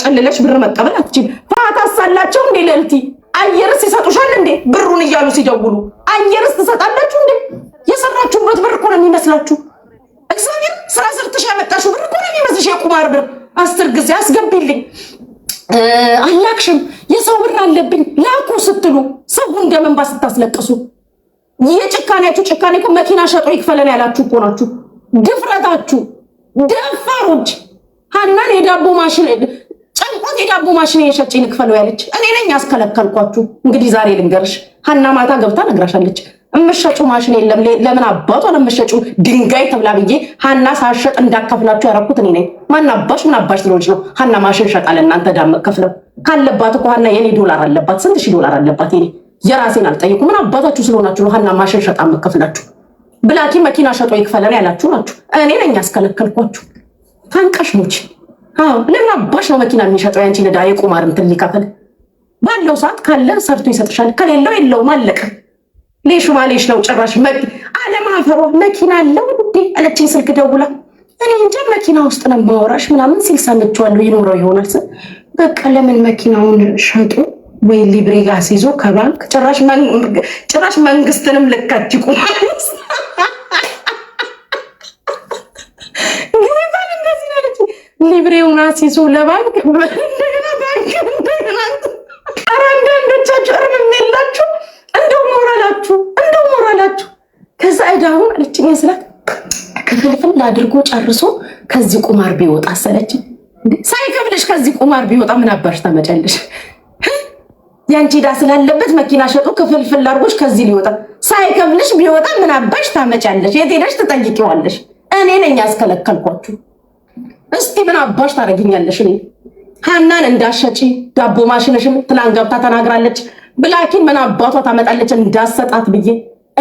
ጨልለሽ ብር መቀበል አትችል። ታታሳላቸው እንዴ ልዕልቲ፣ አየርስ ይሰጡሻል እንዴ? ብሩን እያሉ ሲደውሉ አየርስ ትሰጣላችሁ እንዴ? የሰራችሁበት ብር እኮ ነው የሚመስላችሁ። እግዚአብሔር ስራ ሰርተሽ ያመጣሽው ብር እኮ ነው የሚመስልሽ። የቁማር ብር አስር ጊዜ አስገቢልኝ አላክሽም፣ የሰው ብር አለብኝ ላኩ ስትሉ ሰው እንደመንባ ስታስለቅሱ የጭካኔያችሁ ጭካኔ መኪና ሸጦ ይክፈለን ያላችሁ እኮ ናችሁ። ድፍረታችሁ ደፋሮች ሀናን የዳቦ ማሽን ጨንቆት የዳቦ ማሽን እየሸጬ ልክፈለው ያለች እኔ ነኝ ያስከለከልኳችሁ። እንግዲህ ዛሬ ልንገርሽ፣ ሀና ማታ ገብታ ነግራሻለች። እምሸጩ ማሽን የለም ለምን አባቷ ለምሸጩ ድንጋይ ተብላ ብዬ ሀና ሳሸጥ እንዳከፍላችሁ ያረኩት እኔ ነኝ። ማን አባሽ ምን አባሽ ስለሆንች ነው ሀና ማሽን ሸጣለ እናንተ ዳም ከፍለው ካለባት እኮ ሀና የኔ ዶላር አለባት፣ ስንት ሺህ ዶላር አለባት። የኔ የራሴን አልጠየቁ ምን አባታችሁ ስለሆናችሁ ነው ሀና ማሽን ሸጣ መከፍላችሁ። ብላኪ መኪና ሸጦ ይክፈለን ያላችሁ ናችሁ። እኔ ነኝ ያስከለከልኳችሁ። ፈንቀሽ ሞች ለምን አባሽ ነው መኪና የሚሸጠው? ያንቺ ነዳ የቁማር እንትን ሊከፍል ባለው ሰዓት ካለ ሰርቶ ይሰጥሻል፣ ከሌለው የለውም። አለቀ። ሌሹ ማሌሽ ነው ጭራሽ አለማፈሯ። መኪና አለው እንዴ አለችኝ ስልክ ደውላ። እኔ እንጃ መኪና ውስጥ ነው ማወራሽ ምናምን ሲል ሰምቼዋለሁ። ይኖረው ይሆናል ስል በቃ ለምን መኪናውን ሸጡ ወይ ሊብሬ ጋር ሲይዞ ከባንክ ጭራሽ መንግስትንም ልካት ይቁማል ሊብሬውን አሲሱ ለባንክ እንደገና ባንክ እንደገና ኧረ አንዳንዶቻችሁ እርም የላችሁ እንደው ሞራላችሁ እንደው ሞራላችሁ ከዛ እዳሁን ልጭኛ ስላት ክፍልፍል አድርጎ ጨርሶ ከዚህ ቁማር ቢወጣ አሰለችኝ። ሳይከፍልሽ ከዚህ ቁማር ቢወጣ ምን አባሽ ተመጨልሽ ያንቺ ዕዳ ስላለበት መኪና ሸጡ ክፍልፍል አድርጎች ከዚህ ሊወጣ ሳይከፍልሽ ቢወጣ ምን አባሽ ታመጫለሽ? የት ሄደሽ ትጠይቂዋለሽ? እኔ ነኝ ያስከለከልኳችሁ። እስቲ ምን አባሽ ታደርጊኛለሽ? እኔ ሀናን እንዳሸጪ ዳቦ ማሽነሽም ትላን ገብታ ተናግራለች። ብላኪን ምን አባቷ ታመጣለች እንዳሰጣት ብዬ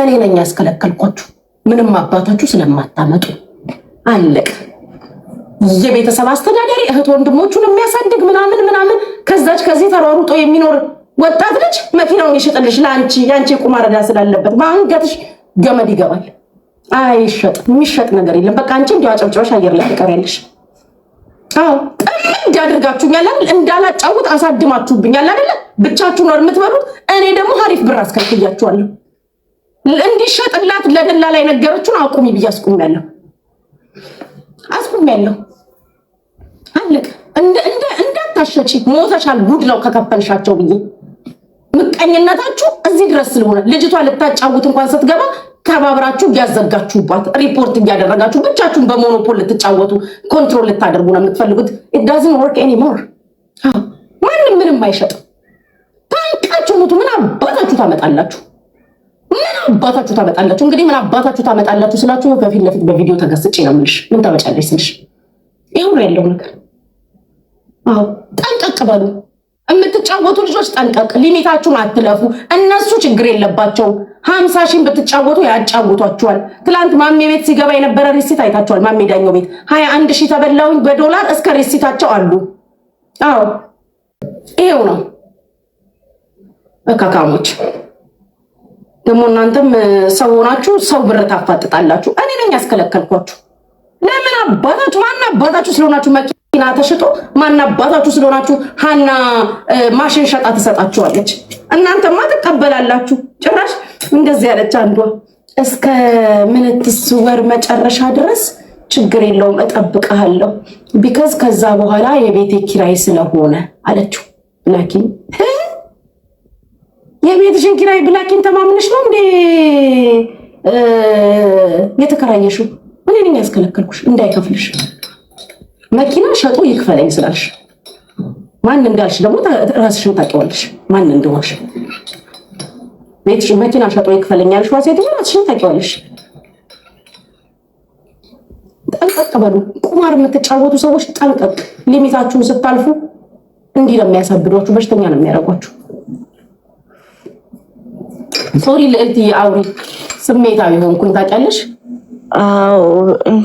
እኔ ነኝ ያስከለከልኳችሁ። ምንም አባታችሁ ስለማታመጡ አለቅ የቤተሰብ አስተዳደሪ እህት ወንድሞቹን የሚያሳድግ ምናምን ምናምን ከዛች ከዚህ ተሯሩጦ የሚኖር ወጣት ልጅ መኪናውን ይሸጥልሽ ለአንቺ የአንቺ የቁማር ዕዳ ስላለበት በአንገትሽ ገመድ ይገባል። አይሸጥ የሚሸጥ ነገር የለም። በቃ አንቺ እንዲያው አጨብጭበሽ አየር ላይ ትቀሪያለሽ። ጥም እንዲያደርጋችሁኛል አይደል? እንዳላጫውት አሳድማችሁብኛል አይደለ? ብቻችሁን ነው የምትበሉት። እኔ ደግሞ ሀሪፍ ብር አስከፍያችኋለሁ። እንዲሸጥላት ለደላላ የነገረችውን አቁሚ ብዬ አስቁሚያለሁ። አስቁሚያለሁ። አለቀ። እንዳታሸቺ ሞተሻል። ጉድ ነው ከከፈልሻቸው ብዬ ምቀኝነታችሁ እዚህ ድረስ ስለሆነ ልጅቷ ልታጫውት እንኳን ስትገባ ተባብራችሁ እያዘጋችሁባት ሪፖርት እያደረጋችሁ ብቻችሁን በሞኖፖል ልትጫወቱ ኮንትሮል ልታደርጉ ነው የምትፈልጉት። ዳዝን ወርክ ኤኒሞር። ማንም ምንም አይሸጥም። ታንቃችሁ ሙቱ። ምን አባታችሁ ታመጣላችሁ? ምን አባታችሁ ታመጣላችሁ? እንግዲህ ምን አባታችሁ ታመጣላችሁ ስላችሁ ከፊት ለፊት በቪዲዮ ተገስጬ ነው የምልሽ። ምን ታመጫለሽ ስልሽ ይሁን ያለው ነገር አዎ፣ ጠንቀቅ በሉ። የምትጫወቱ ልጆች ጠንቀቅ፣ ሊሚታችሁን አትለፉ። እነሱ ችግር የለባቸው። ሀምሳ ሺህን ብትጫወቱ ያጫውቷችኋል። ትላንት ማሜ ቤት ሲገባ የነበረ ሪሲት አይታችኋል። ማሜ ዳኘው ቤት ሀያ አንድ ሺህ ተበላውኝ በዶላር እስከ ሪሲታቸው አሉ። አዎ ይሄው ነው እካካሞች። ደግሞ እናንተም ሰው ሆናችሁ ሰው ብር ታፋጥጣላችሁ። እኔ ነኝ ያስከለከልኳችሁ። ለምን አባታችሁ ማን አባታችሁ ስለሆናችሁ መኪና ተሽጦ ማን አባታችሁ ስለሆናችሁ ሀና ማሽን ሸጣ ትሰጣችኋለች። እናንተማ ትቀበላላችሁ። ጭራሽ እንደዚህ ያለች አንዷ እስከ ምንትስ ወር መጨረሻ ድረስ ችግር የለውም እጠብቅሃለሁ፣ ቢከዝ ከዛ በኋላ የቤቴ ኪራይ ስለሆነ አለችው። ብላኪን የቤትሽን ኪራይ ብላኪን ተማምነሽ ነው እንዴ የተከራየሽው? እኔ ነኝ ያስከለከልኩሽ እንዳይከፍልሽ መኪና ሸጦ ይክፈለኝ ስላልሽ ማን እንዳልሽ ደግሞ ራስሽን ታውቂዋለሽ፣ ማን እንደሆንሽ ቤትሽ መኪና ሸጦ ይክፈለኝ ያልሽ ዋሴት ራስሽን ታውቂዋለሽ። ጠንቀቅ በሉ። ቁማር የምትጫወቱ ሰዎች ጠንቀቅ። ሊሚታችሁን ስታልፉ እንዲህ ነው የሚያሳብዷችሁ፣ በሽተኛ ነው የሚያደርጓችሁ። ሶሪ ልዕልትዬ፣ አውሪ። ስሜታዊ ሆንኩኝ ታውቂያለሽ።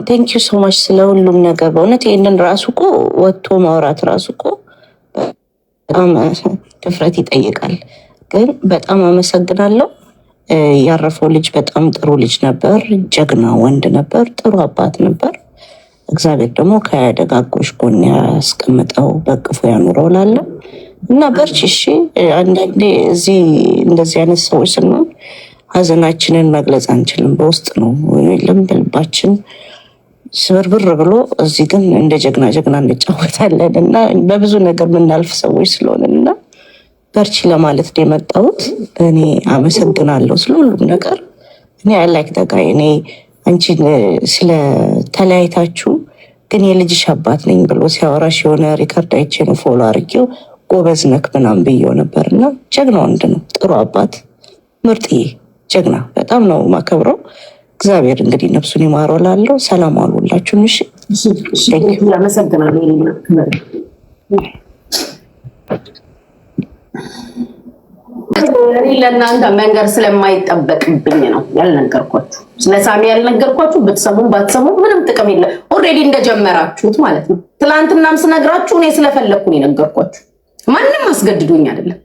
ቴንክ ዩ ሶማች ስለ ሁሉም ነገር በእውነት ይህንን ራሱ እኮ ወጥቶ ማውራት ራሱ እኮ በጣም ድፍረት ይጠይቃል። ግን በጣም አመሰግናለሁ። ያረፈው ልጅ በጣም ጥሩ ልጅ ነበር፣ ጀግና ወንድ ነበር፣ ጥሩ አባት ነበር። እግዚአብሔር ደግሞ ከደጋጎች ጎን ያስቀምጠው በቅፎ ያኑረው ላለው እና በርቺ እሺ። አንዳንዴ እዚህ እንደዚህ አይነት ሰዎች ስንሆን ሀዘናችንን መግለጽ አንችልም። በውስጥ ነው ወይም በልባችን ስብርብር ብሎ እዚህ ግን እንደ ጀግና ጀግና እንጫወታለን እና በብዙ ነገር የምናልፍ ሰዎች ስለሆነ እና በርቺ ለማለት ነው የመጣሁት። እኔ አመሰግናለሁ ስለ ሁሉም ነገር። እኔ አላይክ ተጋ እኔ አንቺን ስለተለያይታችሁ ግን የልጅሽ አባት ነኝ ብሎ ሲያወራሽ የሆነ ሪከርድ አይቼ ነው ፎሎ አርጌው ጎበዝ ነክ ምናምን ብዬው ነበር እና ጀግና ወንድ ነው፣ ጥሩ አባት፣ ምርጥዬ ጀግና በጣም ነው ማከብረው። እግዚአብሔር እንግዲህ ነፍሱን ይማረው። ላለው ሰላም አሉላችሁ። እሺ እኔ ለእናንተ መንገር ስለማይጠበቅብኝ ነው ያልነገርኳችሁ። ስለ ሳሚ ያልነገርኳችሁ ብትሰሙም ባትሰሙም ምንም ጥቅም የለም። ኦልሬዲ እንደጀመራችሁት ማለት ነው። ትላንትናም ስነግራችሁ እኔ ስለፈለግኩ ነው የነገርኳችሁ። ማንም አስገድዶኝ አይደለም፣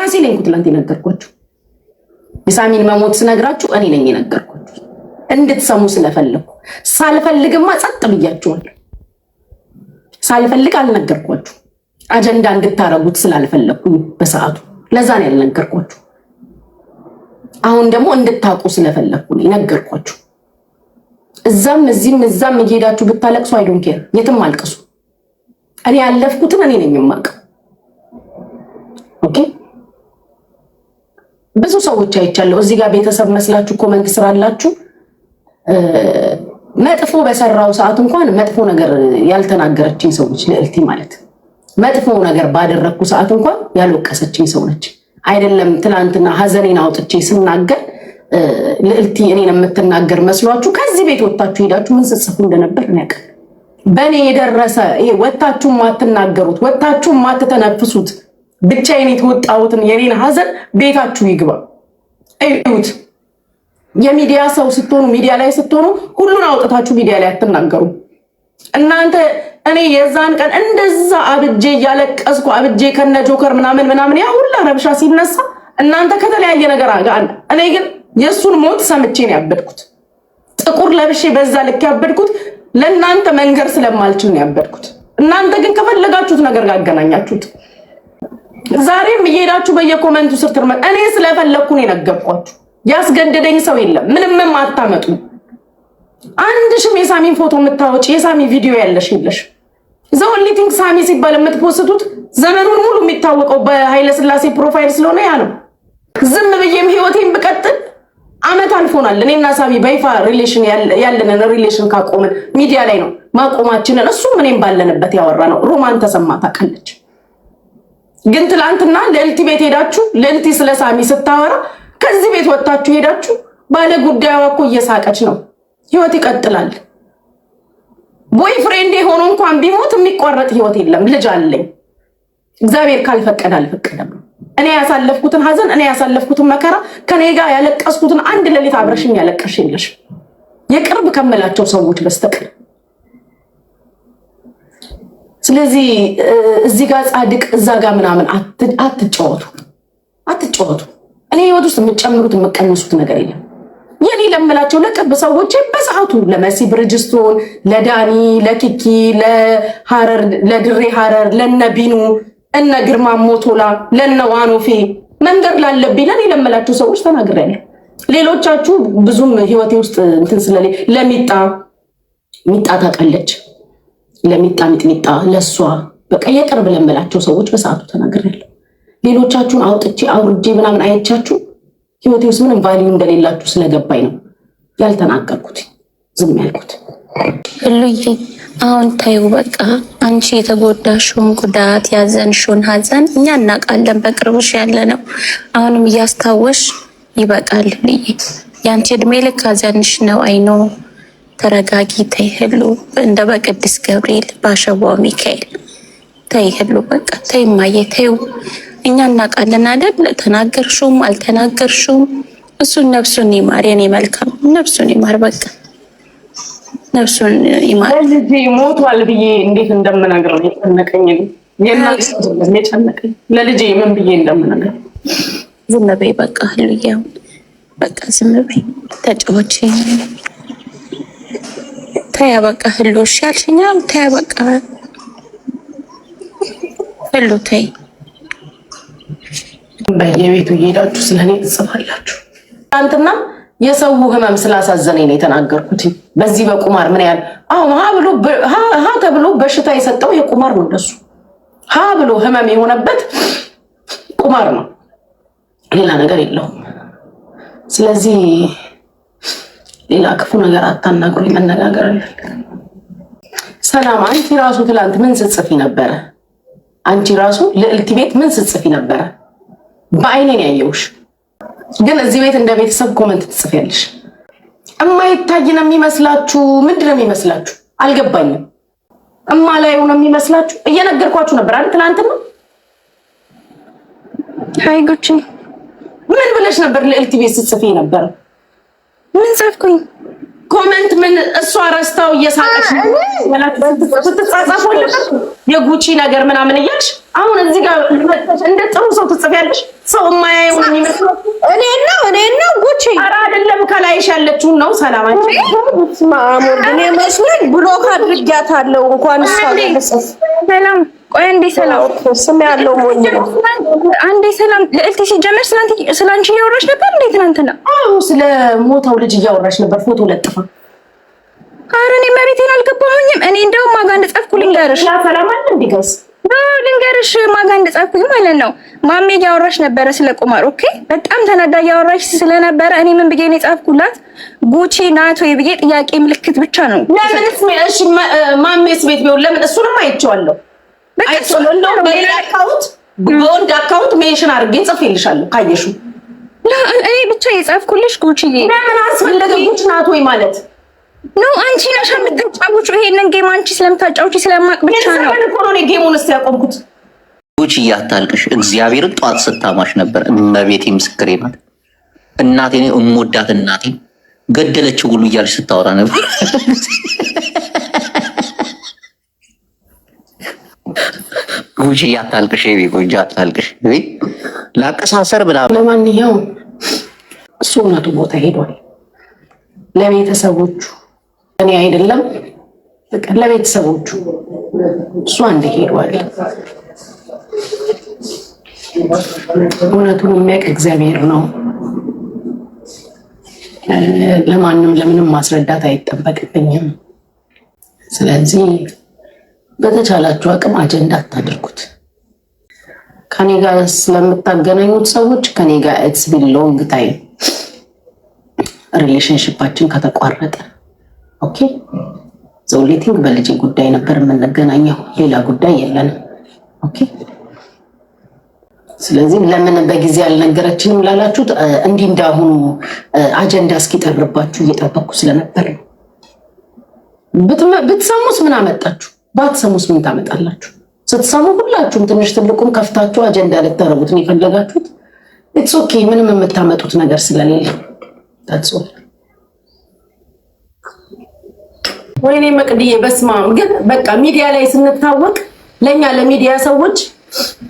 ራሴ ላይ ትላንት የነገርኳችሁ የሳሚን መሞት ስነግራችሁ እኔ ነኝ የነገርኩት እንድትሰሙ ስለፈለኩ። ሳልፈልግማ ጸጥ ብያችኋል። ሳልፈልግ አልነገርኳችሁ አጀንዳ እንድታረጉት ስላልፈለግኩ በሰዓቱ ለዛ ነው ያልነገርኳችሁ። አሁን ደግሞ እንድታውቁ ስለፈለኩ ነው የነገርኳችሁ። እዛም እዚህም እዛም እየሄዳችሁ ብታለቅሱ አይ ኬር፣ የትም አልቅሱ። እኔ ያለፍኩትን እኔ ነኝ የማውቀው። ኦኬ ብዙ ሰዎች አይቻለሁ። እዚህ ጋር ቤተሰብ መስላችሁ ኮመንት ስራላችሁ መጥፎ በሰራው ሰዓት እንኳን መጥፎ ነገር ያልተናገረችኝ ሰው ነች ልዕልቲ ማለት። መጥፎ ነገር ባደረግኩ ሰዓት እንኳን ያልወቀሰችኝ ሰው ነች። አይደለም ትናንትና ሀዘኔን አውጥቼ ስናገር ልዕልቲ እኔን የምትናገር መስሏችሁ ከዚህ ቤት ወጥታችሁ ሄዳችሁ ምን ስጽፉ እንደነበር ነቅ በእኔ የደረሰ ወጥታችሁ ማትናገሩት ወጥታችሁ ማትተነፍሱት ብቻዬን የተወጣሁትን የኔን ሀዘን ቤታችሁ ይግባ እዩት። የሚዲያ ሰው ስትሆኑ ሚዲያ ላይ ስትሆኑ ሁሉን አውጥታችሁ ሚዲያ ላይ አትናገሩ። እናንተ እኔ የዛን ቀን እንደዛ አብጄ እያለቀስኩ አብጄ ከነ ጆከር ምናምን ምናምን ያ ሁላ ረብሻ ሲነሳ እናንተ ከተለያየ ነገር አጋን እኔ ግን የእሱን ሞት ሰምቼ ነው ያበድኩት። ጥቁር ለብሼ በዛ ልክ ያበድኩት ለእናንተ መንገር ስለማልችል ነው ያበድኩት። እናንተ ግን ከፈለጋችሁት ነገር ጋር አገናኛችሁት። ዛሬም እየሄዳችሁ በየኮመንቱ ስር ትርመ እኔ ስለፈለግኩ የነገርኳችሁ። ያስገደደኝ ሰው የለም። ምንም አታመጡ። አንድ ሽም የሳሚን ፎቶ የምታወጪ የሳሚ ቪዲዮ ያለሽ የለሽ። ዘወን ሳሚ ሲባል የምትፖስቱት ዘመኑን ሙሉ የሚታወቀው በኃይለስላሴ ፕሮፋይል ስለሆነ ያ ነው። ዝም ብዬም ህይወቴን ብቀጥል አመት አልፎናል። እኔና ሳሚ በይፋ ሪሌሽን ያለንን ሪሌሽን ካቆምን ሚዲያ ላይ ነው ማቆማችንን እሱም እኔም ባለንበት ያወራ ነው። ሮማን ተሰማ ታውቃለች። ግን ትላንትና ለልቲ ቤት ሄዳችሁ ለልቲ ስለ ሳሚ ስታወራ ከዚህ ቤት ወጥታችሁ ሄዳችሁ ባለ ጉዳዩ እኮ እየሳቀች ነው። ህይወት ይቀጥላል። ቦይ ፍሬንድ የሆኑ እንኳን ቢሞት የሚቋረጥ ህይወት የለም። ልጅ አለኝ። እግዚአብሔር ካልፈቀደ አልፈቀደም። እኔ ያሳለፍኩትን ሀዘን እኔ ያሳለፍኩትን መከራ ከኔ ጋር ያለቀስኩትን አንድ ሌሊት አብረሽኝ ያለቀሽ የለሽ የቅርብ ከምላቸው ሰዎች በስተቀር ስለዚህ እዚህ ጋር ጻድቅ እዛ ጋር ምናምን አትጫወቱ አትጫወቱ። እኔ ህይወት ውስጥ የምጨምሩት የምቀንሱት ነገር የለም። የኔ ለምላቸው ለቅርብ ሰዎች በሰዓቱ ለመሲ ብርጅስቶን፣ ለዳኒ፣ ለኪኪ፣ ለድሬ ሀረር፣ ለነቢኑ፣ እነ ግርማ ሞቶላ፣ ለነ ዋኖፌ መንገድ ላለብኝ ለኔ ለምላቸው ሰዎች ተናግሬያለሁ። ሌሎቻችሁ ብዙም ህይወቴ ውስጥ እንትን ስለሌ ለሚጣ ሚጣ ታውቃለች ለሚጣ ሚጥሚጣ ለእሷ በቃ የቅርብ ለምላቸው ሰዎች በሰዓቱ ተናግሬያለሁ። ሌሎቻችሁን አውጥቼ አውርጄ ምናምን አየቻችሁ ህይወቴ ውስጥ ምንም ቫሊዩ እንደሌላችሁ ስለገባኝ ነው ያልተናገርኩት ዝም ያልኩት። ሉይ አሁን ታዩ በቃ አንቺ የተጎዳሽውን ጉዳት ያዘንሽውን ሀዘን እኛ እናውቃለን። በቅርብሽ ያለ ነው። አሁንም እያስታወሽ ይበቃል ልይ የአንቺ እድሜ ልክ ሀዘንሽ ነው አይኖ ተረጋጊ ተይህሉ እንደ በቅዱስ ገብርኤል ባሸዋው ሚካኤል ተይህሉ በቃ ተይማየ ተይው። እኛ እናውቃለን አይደል? ተናገርሹም አልተናገርሹም እሱን ነፍሱን ይማር። የኔ መልካም ነፍሱን ይማር። በቃ ነፍሱን ይማር። ልጄ ሞቷል ብዬ እንዴት እንደምነግር የጨነቀኝ የጨነቀኝ ለልጅ ምን ብዬ እንደምነግር ዝም በይ በቃ። ህልያው በቃ ዝም በይ ተጫዎች ተይ በቃ ህሎ እሺ አልሽኛል። ተይ ህሎ ተይ። በየቤቱ እየሄዳችሁ ስለኔ ትጽፋላችሁ። ትናንትና የሰው ህመም ስላሳዘነኝ ነው የተናገርኩት። በዚህ በቁማር ምን ያህል አሁን ሀ ተብሎ በሽታ የሰጠው የቁማር ነው። እንደሱ ሀ ብሎ ህመም የሆነበት ቁማር ነው፣ ሌላ ነገር የለውም። ስለዚህ ሌላ ክፉ ነገር አታናግሩኝ። መነጋገር አልፈልግም። ሰላም አንቺ ራሱ ትላንት ምን ስጽፊ ነበረ? አንቺ ራሱ ልዕልት ቤት ምን ስጽፊ ነበረ? በአይኔን ያየውሽ ግን እዚህ ቤት እንደ ቤተሰብ ኮመንት ትጽፊያለሽ። እማይታይ ነው የሚመስላችሁ? ምንድን ነው የሚመስላችሁ? አልገባኝም። እማ ላይ ነው የሚመስላችሁ? እየነገርኳችሁ ነበር አይደል? ትናንትና ሀይ ጉቺ ምን ብለሽ ነበር? ልዕልት ቤት ስትጽፊ ነበረ ምን ጻፍኩኝ? ኮመንት ምን እሷ ረስታው እየሳቀች ስትጻጻፉ የጉቺ ነገር ምናምን እያልሽ አሁን እዚህ ጋር እንደ ጥሩ ሰው ትጽፊያለሽ። ሰው የማያየው የሚመስለው እኔ ነው እኔ ነው ጉቺ ኧረ አይደለም ከላይሽ ያለችውን ነው። ሰላማችሁ ማሙር እኔ መስሎኝ ብሎክ አድርጊያታለሁ። እንኳን እሷ ሰላም ቆይ እንዴ ሰላም ስም ያለው ሞኝ ነው። አንዴ ሰላም ልዕልት ሲጀመር ስላንቺ ስላንቺ እያወራሽ ነበር እንዴ ትናንትና? አዎ ስለ ሞተው ልጅ እያወራሽ ነበር ፎቶ ለጥፋ። ኧረ እኔ መቤቴን አልገባሁኝም። እኔ እንደውም ዋጋ እንደጻፍኩልኝ ልንገርሽ ሰላም አለ እንዲገስ ልንገርሽ ማጋ እንደጻፍኩኝ ማለት ነው። ማሜ እያወራሽ ነበረ ስለ ቁማር። ኦኬ በጣም ተናዳ እያወራሽ ስለነበረ እኔ ምን ብዬ ነው የጻፍኩላት? ጉቺ ናት ወይ ብዬ ጥያቄ ምልክት ብቻ ነው። ለምንስ እሺ ማሜስ ቤት ቢሆን ለምን እሱንም አይቼዋለሁ። አይቼዋለሁ እንደውም በሌላ አካውንት በወንድ አካውንት ሜንሽን አድርጌ ጽፌልሻለሁ ካየሽው። እኔ ብቻ የጻፍኩልሽ ጉቺ ለምን አስፈለገ ጉቺ ናት ወይ ማለት ኖ አንቺ ነሽ የምትጫወቹ ይሄንን ጌም አንቺ ስለምታጫውቺ ስለማቅ ብቻ ነው ጌሙን ስ ያቆምኩት። ጉቺ እያታልቅሽ እግዚአብሔርን ጠዋት ስታማሽ ነበር። እመቤቴ ምስክሬ ናት። እናቴ እሞዳት እናቴ ገደለችው ሁሉ እያልሽ ስታወራ ነበር። ጉቺ እያታልቅሽ ቤ ጉቺ አታልቅሽ ላቀሳሰር ብላ ለማንኛውም እሱ እውነቱ ቦታ ሄዷል ለቤተሰቦቹ እኔ አይደለም በቃ ለቤተሰቦቹ አንድ ሄዷል። እውነቱን የሚያውቅ እግዚአብሔር ነው። ለማንም ለምንም ማስረዳት አይጠበቅብኝም። ስለዚህ በተቻላችሁ አቅም አጀንዳ አታድርጉት። ከኔ ጋር ስለምታገናኙት ሰዎች ከኔ ጋር ኢትስ ቢን ሎንግ ታይም ሪሌሽንሽፓችን ከተቋረጠ ኦኬ ዘውሌቲንግ በልጅ ጉዳይ ነበር የምንገናኘው፣ ሌላ ጉዳይ የለንም። ኦኬ ስለዚህ ለምን በጊዜ አልነገረችንም ላላችሁት እንዲህ እንዳሁኑ አጀንዳ እስኪጠርባችሁ እየጠበኩ ስለነበር ነው። ብትሰሙስ ምን አመጣችሁ? ባትሰሙስ ምን ታመጣላችሁ? ስትሰሙ ሁላችሁም ትንሽ ትልቁም ከፍታችሁ አጀንዳ ልታረጉት ነው የፈለጋችሁት። ኢትስ ኦኬ ምንም የምታመጡት ነገር ስለሌለ ወይኔ መቅድዬ በስማም። ግን በቃ ሚዲያ ላይ ስንታወቅ ለእኛ ለሚዲያ ሰዎች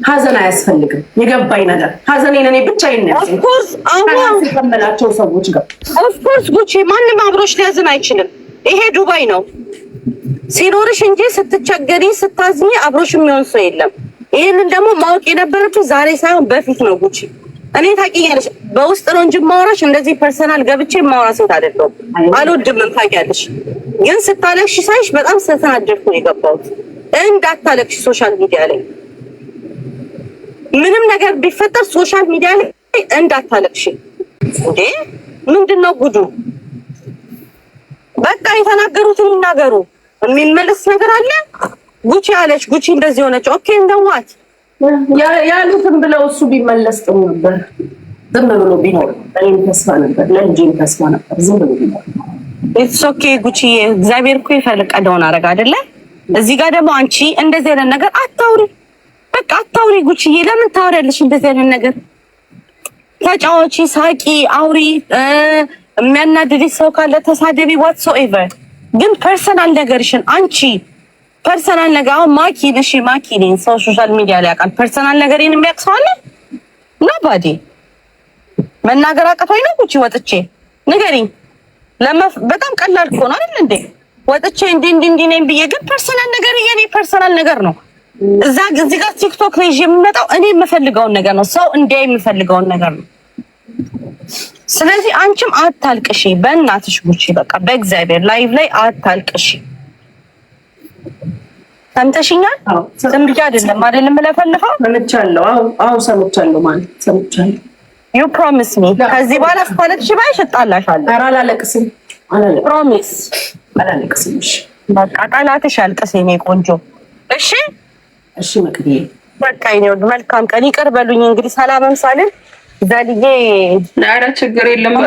ሀዘን አያስፈልግም። የገባኝ ነገር ሀዘን እኔ ብቻ ይነስከመላቸው ሰዎች ጋር ኦፍኮርስ ጉቼ ማንም አብሮች ሊያዝን አይችልም። ይሄ ዱባይ ነው ሲኖርሽ እንጂ ስትቸገሪ ስታዝኝ አብሮሽ የሚሆን ሰው የለም። ይህንን ደግሞ ማወቅ የነበረችው ዛሬ ሳይሆን በፊት ነው። ጉቼ እኔ ታውቂኛለሽ በውስጥ ነው እንጂ ማውራሽ እንደዚህ ፐርሰናል ገብቼ ማውራ ሴት አይደለሁም። አልወድም ታውቂያለሽ። ግን ስታለቅሽ ሳይሽ በጣም ስለተናደድኩ ነው የገባሁት። እንዳታለቅሽ ሶሻል ሚዲያ ላይ ምንም ነገር ቢፈጠር ሶሻል ሚዲያ ላይ እንዳታለቅሽ። እንዴ ምንድን ነው ጉዱ? በቃ የተናገሩትን ይናገሩ። የሚመለስ ነገር አለ? ጉቺ አለች፣ ጉቺ እንደዚህ ሆነች። ኦኬ እንደዋት ያሉትን ብለው እሱ ቢመለስ ጥሩ ነበር። ዝም ብሎ ቢኖር እኔም ተስፋ ነበር፣ ለልጄም ተስፋ ነበር። ዝም ብሎ ቢኖር ኢትስ ኦኬ ጉቺዬ፣ እግዚአብሔር እኮ የፈለቀደውን አደረገ አይደለ? እዚህ ጋር ደግሞ አንቺ እንደዚህ አይነት ነገር አታውሪ፣ በቃ አታውሪ ጉቺዬ። ለምን ታውሪያለሽ እንደዚህ አይነት ነገር? ተጫዋቺ፣ ሳቂ፣ አውሪ። የሚያናድድሽ ሰው ካለ ተሳደቢ፣ ዋትሶ ኤቨር። ግን ፐርሰናል ነገርሽን አንቺ ፐርሰናል ነገር አሁን ሰው ሶሻል ሚዲያ ላይ ያውቃል። ፐርሰናል ነገርን የሚያውቅ ሰው ናባዴ መናገር አቅቶኝ ነው ጉቺ ወጥቼ ንገሪኝ። በጣም ቀላል እኮ ነው አይደል እንዴ? ወጥቼ እንዲ እንዲ እንዲ ነኝ ብዬ ግን ፐርሰናል ነገር የኔ ፐርሰናል ነገር ነው። እዛ እዚህ ጋር ቲክቶክ ላይ የምመጣው እኔ የምፈልገውን ነገር ነው። ሰው እንዲያይ የምፈልገውን ነገር ነው። ስለዚህ አንቺም አታልቅሺ፣ በእናትሽ ጉቺ፣ በቃ በእግዚአብሔር ላይቭ ላይ አታልቅሺ። ሰምተሽኛል? ዝም ብዬሽ አይደለም አይደለም፣ ለፈልፈው ሰምቻለሁ። አዎ አዎ፣ ሰምቻለሁ ማለት ሰምቻለሁ ዩ ፕሮሚስ ሚ ከዚህ በኋላ እስካለቅሽ ባይሽ እጣላሻለሁ። ኧረ አላለቅስም። ፕሮሚስ አላለቅስም። በቃ ጠላትሽ አልቅስ የኔ ቆንጆ። እሺ እሺ። መቅድዬ በቃ ይኔው መልካም ቀን። ይቅር በሉኝ እንግዲህ ሰላምም ሳልን ዘልዬ ኧረ ችግር የለም።